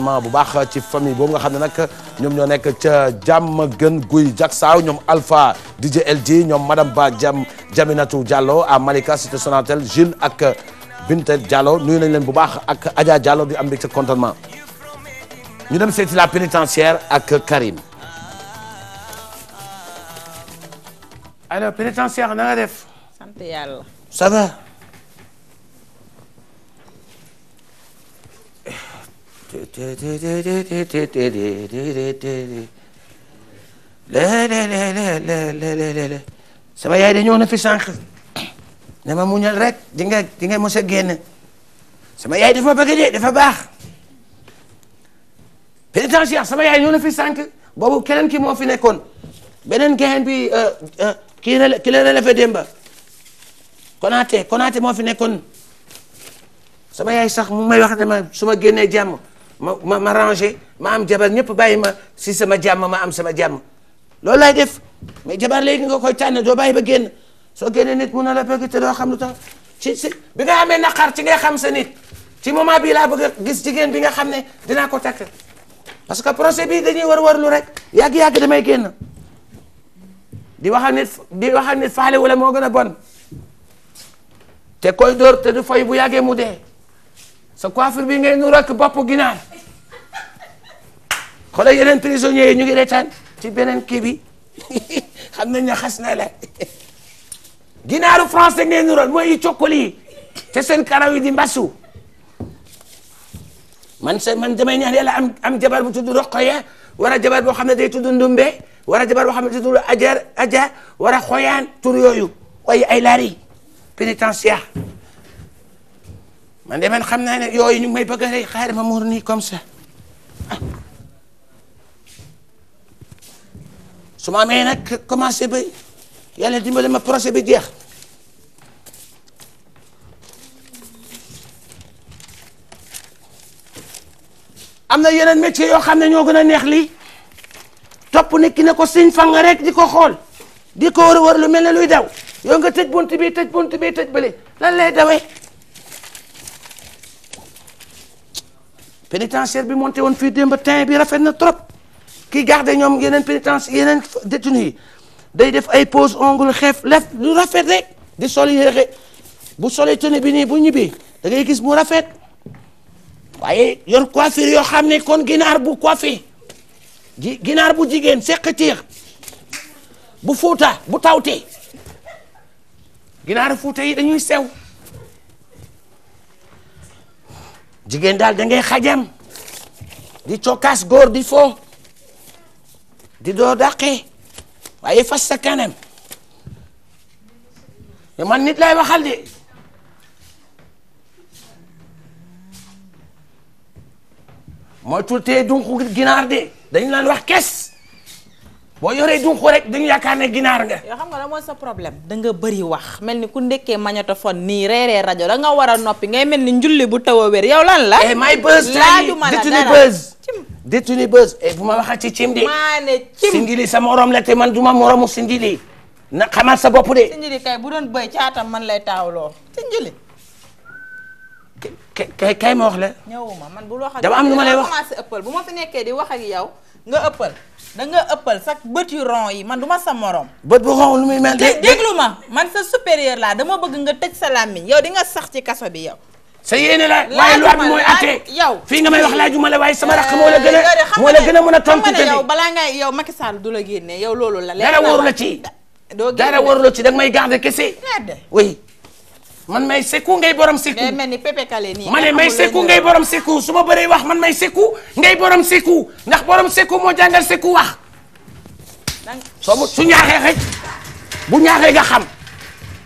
contentement bu baax ci famille boobu nga xam ne nag ñoom ñoo nekk ca jàmm gën guy jaksaaw ñoom Alpha DJ LD ñoom madame Ba jam Jaminatou Diallo à Malika cité Sonatel Gilles ak Binte Diallo nuyu nañ leen bu baax ak Adja Diallo di am mbégte contentement ñu dem seeti la pénitentiaire ak Karim. lé sama yaay de ñëw na fi sànq ne ma muñal rek di nga di nga mos a génn sama yaay dafa bëgg de dafa baax pénitentiaire sama yaay ñëw na fi sànq boobu keneen ki moo fi nekkoon beneen gain bi euh, euh, kii ki la relevé démba Konaté Konaté moo fi nekkoon sama yaay sax mu may wax ne ma su ma génnee jàmm ma ma ma ma am jabar ñëpp bàyyi ma si sama jàmm ma am sama jàmm loolu laay def mais jabar léegi nga koy tànn doo bàyyi ba génn soo génnee nit mun na la bëgg te doo xam lu tax ci si bi nga amee naqar ci ngay xam sa nit ci moment bii laa bëgg a gis jigéen bi nga xam ne dinaa ko takk parce que procès bi dañuy war warlu rek yàgg-yàgg damay génn di wax ak nit di wax faale wala moo gën a bon te koy dóor te du fay bu yàggee mu dee sa coiffure bi ngay nuru ak boppu ginaar xoolal yeneen prisonniers yi ñu ngi reetaan ci beneen kii bi xam nañ ne xas na la ginaaru français ngay nural mooy i cokkoli te seen karaw yi di mbasu man sa man damay ñaan yàlla am am jabar bu tudd Roqoya war wara jabar boo xam ne day tudd Ndumbe war a jabar boo xam ne day tudd Ajar Aja war a xoyaan tur yooyu waaye ay laari pénitentiaire man de man xam naa ne yooyu ñu may bëgg a rey xaaral ma muur nii comme ça su ma amee nag commencé ba yàlla dimbali ma procès bi jeex am na yeneen métier yoo xam ne ñoo gën a neex lii topp nit ki ne ko siñ fang rek di ko xool di ko wër wër lu mel ne luy daw yow nga tëj bunt bi tëj bunt bi tëj bële lan lay dawee pénitentiaire bi monté woon fii démb temps bi rafet na trop kii garde ñoom yeneen pénitentiaire yeneen détenu yi day def ay pose ongle xeef lef lu rafet rek di sol yéexe bu solee tenue bi nii bu ñibbi da ngay gis mu rafet waaye yor coiffure yoo xam ne kon ginaar bu coiffé ji ginaar bu jigéen seqatiix bu fuuta bu tawte ginaar fuuta yi dañuy sew jigéen daal da ngay xajam di cokaas góor di fo di doo dàqee waaye fas sa kanam te man nit lay waxal de mooy tul tey ginaar de dañu naan wax kes boo yoree dunq rek dañu yaakaar ne ginaar nga. yoo xam nga la mooy sa problème. da bëri wax mel ni ku ndekkee magnétophone nii reeree rajo da nga war a noppi ngay mel ni njulli bu taw a wér yow lan la. Eh, may buzz laajuma la dara détenu buzz. détenu eh, bu ma waxee ci cim de. maa ne cim singili sa morom la te man du ma si singili na xamal sa bopp de. singili kay bu doon bëy caatam man lay taawloo singili. kay kay ma wax la. ñëwuma man bu loo a dama am lu ma lay wax dama commencé ëppal bu ma fi nekkee di wax ak yow nga ëppal. da nga ëppal sax bët yu ron yi man duma ma sa morom. bët bu ron lu muy mel. déglu ma man sa supérieur laa dama bëgg nga tëj sa làmmiñ yow di nga sax ci kaso bi yow. sa yéene la waaye loi bi mooy atte yow fii nga may wax laajuma la waaye sama rakk moo la eh, gën a moo a mën a tontu te balaa ngay yow Macky Sall du la génne yow loolu la. dara wóor la ci dara wóor la ci danga may garder kese. oui. man may sekku ngay borom sekku. day mel ni Pepe Kale nii ma ne may sekku ngay borom sekku su ma bëree wax man may sekku ngay borom sekku ndax borom sekku moo jàngal sekku wax. soo mu su ñaaxee xëj bu ñaaxee nga xam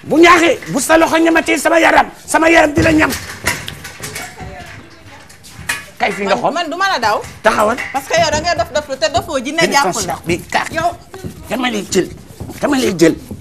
bu ñaaxee bu sa loxo ñamatee sama yaram sama yaram di la ñam. kay fi nga xool man du ma la daw. taxawal parce que yow da ngay dof dof te dofoo ji ne jàpp la yow dama lay jël dama lay jël.